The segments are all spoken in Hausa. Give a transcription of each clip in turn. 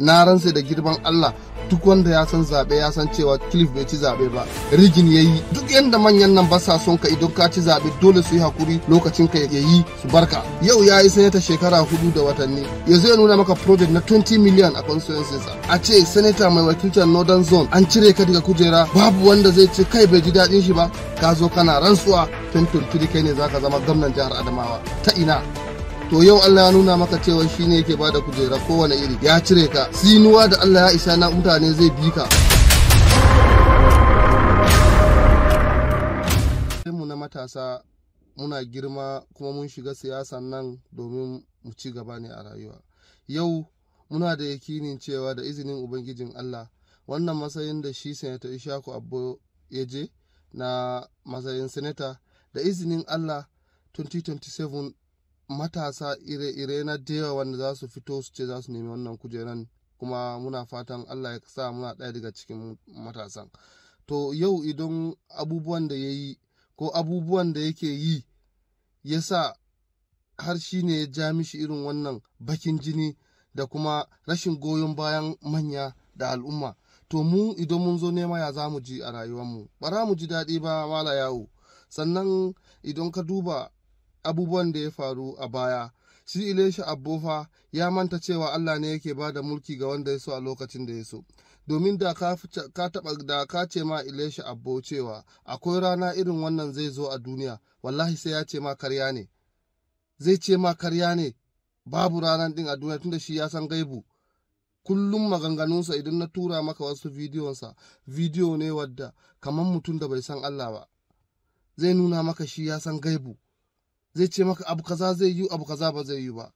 na ransa da girman Allah duk wanda ya san zaɓe ya san cewa Cliff bai ci zaɓe ba rigin ya yi duk yadda manyan nan ba sa son ka idan ka ci zaɓe dole su yi hakuri lokacin ka ya yi su barka yau ya yi sanata shekara hudu da watanni ya zai nuna maka project na 20 million a constituencinsa a ce senator mai wakiltar northern zone an cire ka daga kujera babu wanda zai ce kai bai ji daɗin shi ba ka zo kana rantsuwa 2023 kai ne zaka zama gwamnan jihar adamawa ta ina to yau Allah ya nuna maka cewa shine yake bada kujera kowane iri ya cire ka sinuwa da Allah ya isa na mutane zai bi ka mu na matasa muna girma kuma mun shiga siyasan nan domin mu ci gaba ne a rayuwa yau muna da yakinin cewa da izinin ubangijin Allah wannan matsayin da shi sanata Ishaku Abbo ya je na matsayin sanata da izinin Allah 2027 matasa ire-ire na dewa wanda za su fito su ce za su nemi wannan kujeran kuma muna fatan allah ya sa muna ɗaya daga cikin matasan to yau idan abubuwan da ya yi ko abubuwan da yake yi ya sa har shi ne ya ja mishi irin wannan bakin jini da kuma rashin goyon bayan manya da al'umma to mu idan mun zo nema ya za mu ji a rayuwarmu ba za mu ji daɗi ba mala yawo sannan idan ka duba abubuwan da ya faru a baya shi ilesha fa ya manta cewa allah ne yake ba da mulki ga wanda ya so a lokacin da ya so domin da ka taba da ka ce ma ilesha abbo cewa akwai rana irin wannan zai zo a duniya wallahi sai ya ce ma karya ne zai ce ma karya ne babu ranar din a duniya tunda shi ya san gaibu kullum maganganunsa idan na tura maka wasu bidiyonsa bidiyo ne wadda kamar mutum da bai san Allah ba zai nuna maka shi ya san gaibu zai ce maka abu kaza zai yi abu kaza ba zai yi ba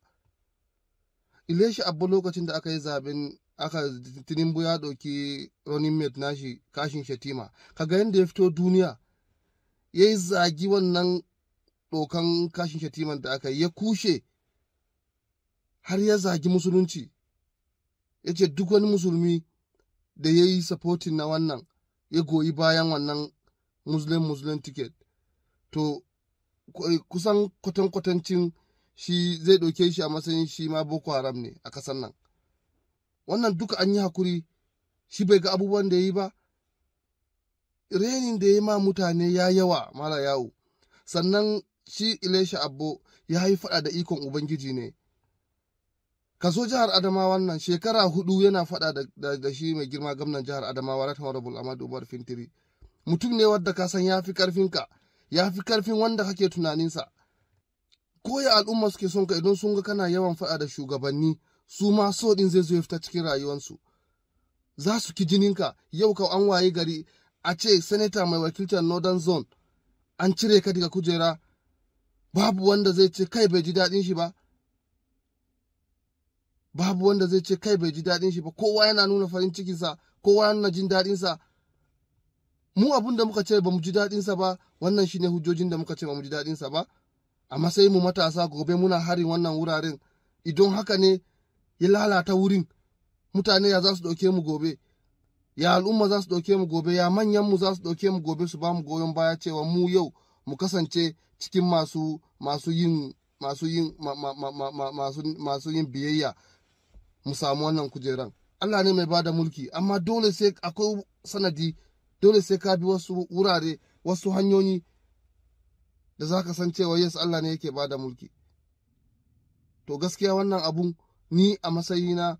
ileshi abu lokacin da aka yi zaben aka tinubu ya ɗauki running mate nashi kashin shatima kaga yadda ya fito duniya ya yi zagi wannan ɗokan kashin shatima da aka yi ya kushe har ya zagi musulunci ya ce duk wani musulmi da ya yi supporting na wannan ya goyi bayan wannan muslim muslim ticket to kusan kwatankwatancin shi zai ɗauke shi a matsayin shi ma boko haram ne a ƙasar nan wannan duka an yi hakuri shi bai ga abubuwan da ya yi ba renin da ya yi ma mutane ya yawa mara yawo sannan shi ilesha abbo ya yi faɗa da ikon ubangiji ne kaso jihar adamawa nan shekara hudu yana faɗa da, shi mai girma gwamnan jihar adamawa right honorable amadu umar fintiri mutum ne wadda ka san ya fi karfinka ya fi karfin wanda kake tunaninsa koya al'umma suke son ka idan sun ga kana yawan faɗa da shugabanni su ma so ɗin zai zo ya fita cikin rayuwarsu za su ki jininka yau ka an waye gari a ce sanata mai wakiltar northern zone an cire ka daga kujera babu wanda zai ce kai bai ji daɗin shi ba babu wanda zai ce kai bai ji daɗin shi ba kowa yana nuna farin cikinsa kowa yana jin daɗinsa mu abun da muka ce ba mu ji daɗinsa ba wannan shine hujjojin da muka ce ba mu ji daɗinsa ba a matsayin mu matasa gobe muna harin wannan wuraren idan haka ne ya lalata wurin mutane ya za su ɗauke mu gobe ya al'umma za su ɗauke mu gobe ya manyan mu za su ɗauke mu gobe su ba mu goyon baya cewa mu yau mu kasance cikin masu masu yin masu yin masu yin biyayya mu samu wannan kujeran Allah ne mai bada mulki amma dole sai akwai sanadi dole sai ka bi wasu wurare wasu hanyoyi da za ka san cewa yes Allah ne yake bada mulki to gaskiya wannan abun ni a matsayina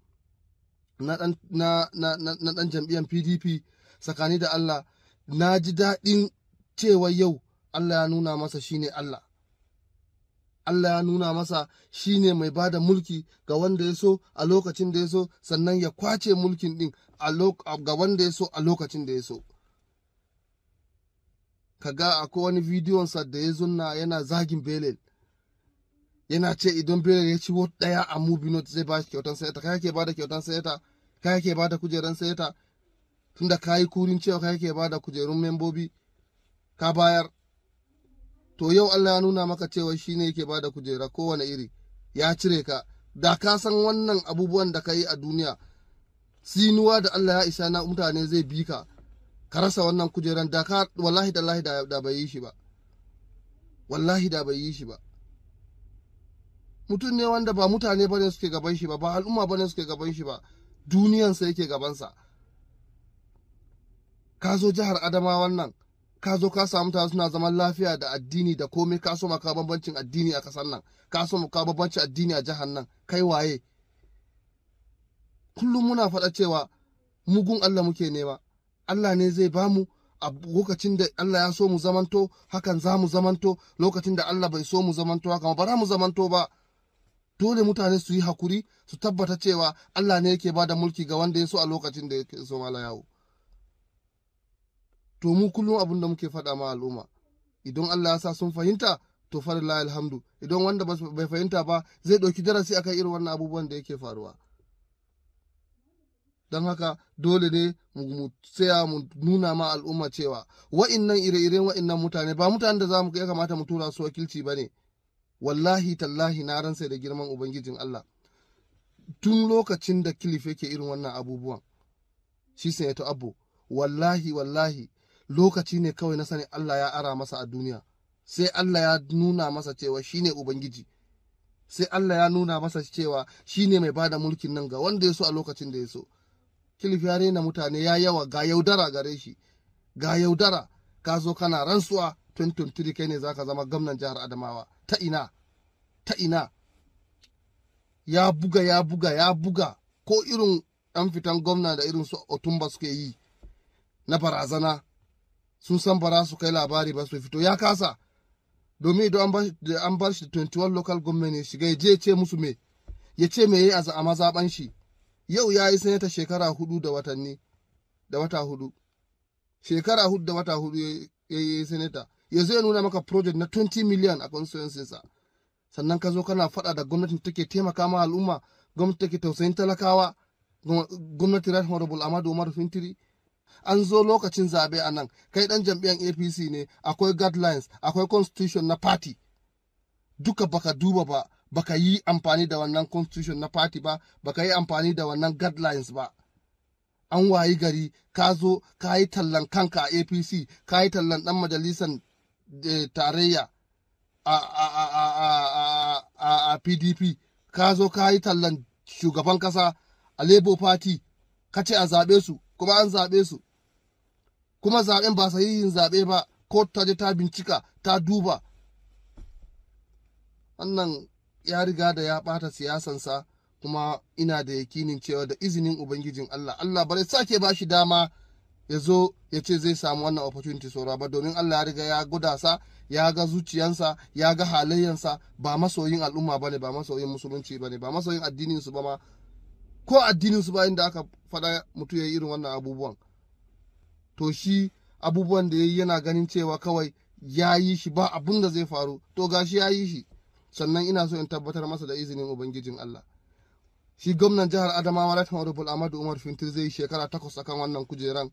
na ɗan na, jam'iyyar pdp tsakani da Allah na ji daɗin cewa yau Allah ya nuna masa shine Allah Allah ya nuna masa shine mai ba da mulki ga wanda ya so a lokacin da ya so sannan ya kwace mulkin ɗin ga wanda ya so a lokacin da ya so. ka kaga akwai wani bidiyonsa da ya zunna yana zagin belen yana ce idan Belen ya ci wot daya a mubinot zai ba shi kyautan sayata kai bada kyautan sayata kai bada kujeran sayata tunda ka yi kurin cewa kai bada kujerun membobi ka bayar to yau Allah ya nuna maka cewa shi ne yake bada kujera kowane iri ya cire ka da ka san wannan abubuwan da ka yi a duniya sinuwa da Allah ya isa na mutane zai bi ka ka rasa wannan kujeran da ka wallahi da lahi da bai yi shi ba wallahi da bai yi shi ba mutum ne wanda ba mutane bane suke gaban shi ba ba al'umma bane suke gaban shi ba duniyansa yake gabansa ka zo jihar adama wannan ka zo ka samu ta suna zaman lafiya da addini da komai ka so maka bambancin addini a kasar nan ka so maka bambancin addini a jihar nan kai waye kullum muna faɗa cewa mugun Allah muke nema Allah ne zai ba mu a lokacin da Allah ya so mu zamanto hakan za mu zamanto lokacin da Allah bai so mu zamanto haka ba za mu zamanto ba dole mutane su yi hakuri su tabbata cewa Allah ne yake bada mulki ga wanda ya so a lokacin da yake so mala yawo to mu kullum abin da muke faɗa ma al'umma idan Allah ya sa sun fahimta to farilla alhamdu idan wanda bai fahimta ba zai ɗauki darasi akan irin wannan abubuwan da yake faruwa don haka dole ne mu tsaya mu nuna ma al'umma cewa wa'innan ire-iren wa'innan mutane ba mutane da za mu ya kamata mu tura su wakilci ba ne wallahi tallahi na ransa da girman ubangijin Allah tun lokacin da kilifi ke irin wannan abubuwan shi sai ta abu wallahi wallahi lokaci ne kawai na sani Allah ya ara masa a duniya sai Allah ya nuna masa cewa shine ubangiji sai Allah ya nuna masa cewa shine mai bada mulkin nan ga wanda ya so a lokacin da ya so kilif ya rena mutane ya yawa ga yaudara gare shi ga yaudara ka zo kana rantsuwa 2023 kai ne za ka zama gwamnan jihar adamawa ta ina ta ina ya buga ya buga ya buga ko irin yan fitan gwamna da irin su otumba suke yi na barazana sun san bara su kai labari ba su fito ya kasa domin idan an bar shi 21 local government ya shiga ya je ya ce musu me ya ce me yi a shi yau ya yi sanata shekara hudu da watanni da wata hudu shekara hudu da wata hudu ya yi sanata ya zai nuna maka project na 20 million a constituency sannan ka zo kana faɗa da gwamnatin take taimaka ma al'umma gwamnati take tausayin talakawa gwamnati right honorable amadu umaru fintiri an zo lokacin zabe a nan kai dan jam'iyyar apc ne akwai guidelines akwai constitution na party duka baka duba ba baka yi amfani da wannan constitution na party ba baka yi amfani da wannan guidelines ba an wayi gari ka zo ka yi tallan kanka a apc ka yi tallan dan majalisar eh, tarayya a pdp ka zo ka yi tallan shugaban kasa a labour party ka ce a zaɓe su kuma an zaɓe su kuma zaɓen ba sahihin zaɓe ba ko ta je ta bincika ta duba wannan ya riga da ya ɓata siyasansa kuma ina da yakinin cewa da izinin ubangijin Allah Allah bare sake ba shi dama ya zo ya ce zai samu wannan opportunity saura ba domin Allah ya riga ya gudasa ya ga zuciyansa ya ga halayyansa ba masoyin al'umma bane ba masoyin musulunci bane ba masoyin addinin su ba ma ko addinin su ba inda aka faɗa mutu ya irin wannan abubuwan to shi abubuwan da yayi yana ganin cewa kawai ya yi shi ba abun da zai faru to gashi ya yi shi sannan ina so in tabbatar masa da izinin ubangijin Allah shi gwamnan jihar Adamawa Right Honorable Ahmadu Umar Fintir zai shekara takwas akan wannan kujeran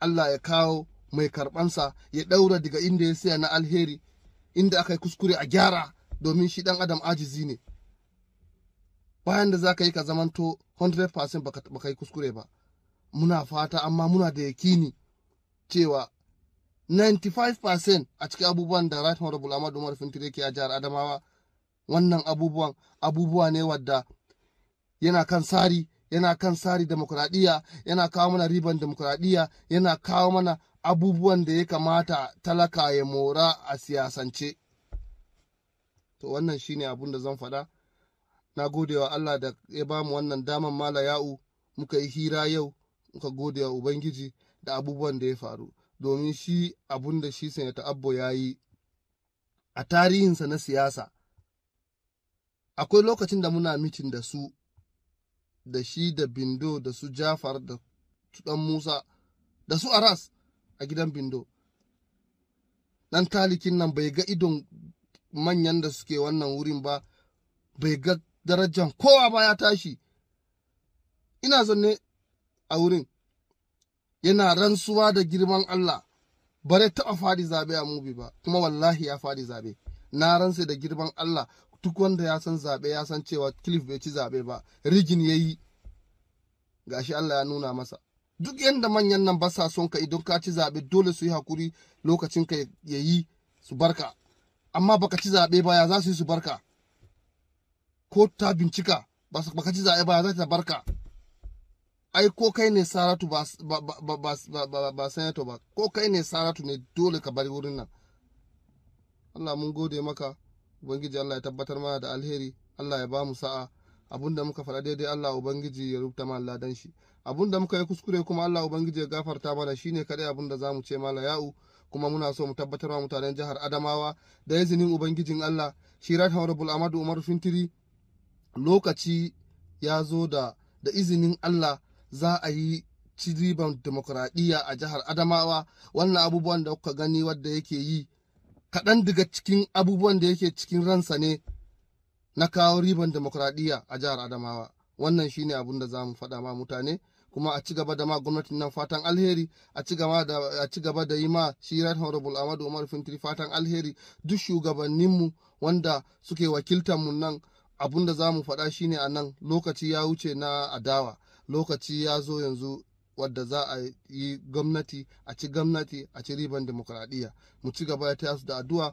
Allah ya kawo mai karɓansa ya ɗaura daga inda ya siya na alheri inda aka yi kuskure a gyara domin shi ɗan adam ajizi ne bayan da za ka yi ka zamanto 100% baka yi kuskure ba muna fata amma muna da yakini cewa 95% a cikin abubuwan da Right Honorable Ahmad Umar Fintiri ke a jihar Adamawa wannan abubuwan abubuwa ne wadda yana kan sari yana kan sari demokuraɗiyya yana kawo mana riban demokuraɗiyya yana kawo mana abubuwan da ya kamata talaka ya mora a siyasance to wannan shine abun da zan faɗa na gode wa Allah da ya bamu wannan daman mala ya'u muka yi hira yau muka gode wa ubangiji da abubuwan da ya faru domin shi abun da shi Sanata Abbo ya yi a tarihinsa na siyasa. Akwai lokacin da muna mitin da su, da shi da Bindo da su Jafar da su Musa da su Aras a gidan Bindo. Ɗan talikin nan bai ga idon manyan da suke wannan wurin ba, bai ga darajan kowa ba ya tashi. Ina zanne a wurin yana rantsuwa da girman Allah ba taɓa fadi zaɓe a mubi ba kuma wallahi ya fadi zabe na ransa da girman Allah duk wanda ya san zabe ya san cewa Kilif bai ci zabe ba rigin ya yi gashi Allah ya nuna masa duk yadda manyan nan ba sa son ka idan ka ci zaɓe dole su yi hakuri lokacin ka ya yi su barka amma baka ci zaɓe ba ya za su yi su barka ko ta bincika baka ci zaɓe ba ya za ta barka ai ko kai ne saratu ba sanato ba ko kai ne saratu ne dole ka bari wurin nan Allah mun gode maka ubangiji Allah ya tabbatar mana da alheri Allah ya ba mu sa'a abinda muka faɗa daidai Allah ubangiji ya rubuta mana ladan shi abinda muka yi kuskure kuma Allah ubangiji ya gafarta mana shine kadai abinda zamu ce mala ya'u kuma muna so mu tabbatar wa mutanen jihar Adamawa da izinin ubangijin Allah Shirat Honorable Amadu Umar Fintiri lokaci ya zo da izinin Allah za a yi ci riban demokuraɗiyya a jihar Adamawa wannan abubuwan da kuka gani wadda yake yi kaɗan daga cikin abubuwan da yake cikin ransa ne na kawo riban demokuraɗiyya a jihar Adamawa wannan shine abun da za mu faɗa ma mutane kuma a ci gaba da ma gwamnatin nan fatan alheri a cigaba da yi ma shi right honorable Ahmadu Umar Fintiri fatan alheri duk shugabanninmu wanda suke wakiltar mu nan abun da za mu faɗa shine a nan lokaci ya wuce na adawa lokaci ya zo yanzu wadda za a yi gwamnati a ci gwamnati a ci riban demokradiyya mu ci gaba da su da addu'a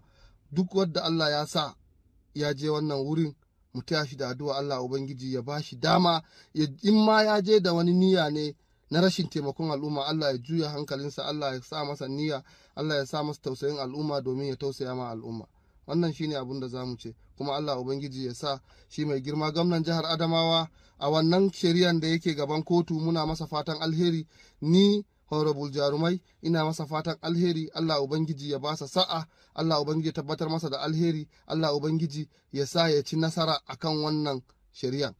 duk wadda Allah ya sa ya je wannan wurin mu taya shi da addu'a Allah ubangiji ya ba shi dama in ma ya je da wani niyya ne na rashin taimakon al'umma Allah ya juya hankalinsa Allah ya sa masa niyya Allah ya sa masa tausayin al'umma domin ya tausaya ma al'umma wannan shine abin da zamu ce kuma Allah ubangiji ya sa shi mai girma gwamnan jihar Adamawa a wannan shari'an da yake gaban kotu muna masa fatan alheri ni honorable jarumai ina masa fatan alheri Allah ubangiji ya basa sa'a Allah ubangiji ya tabbatar masa da alheri Allah ubangiji ya sa ya ci nasara akan wannan shari'an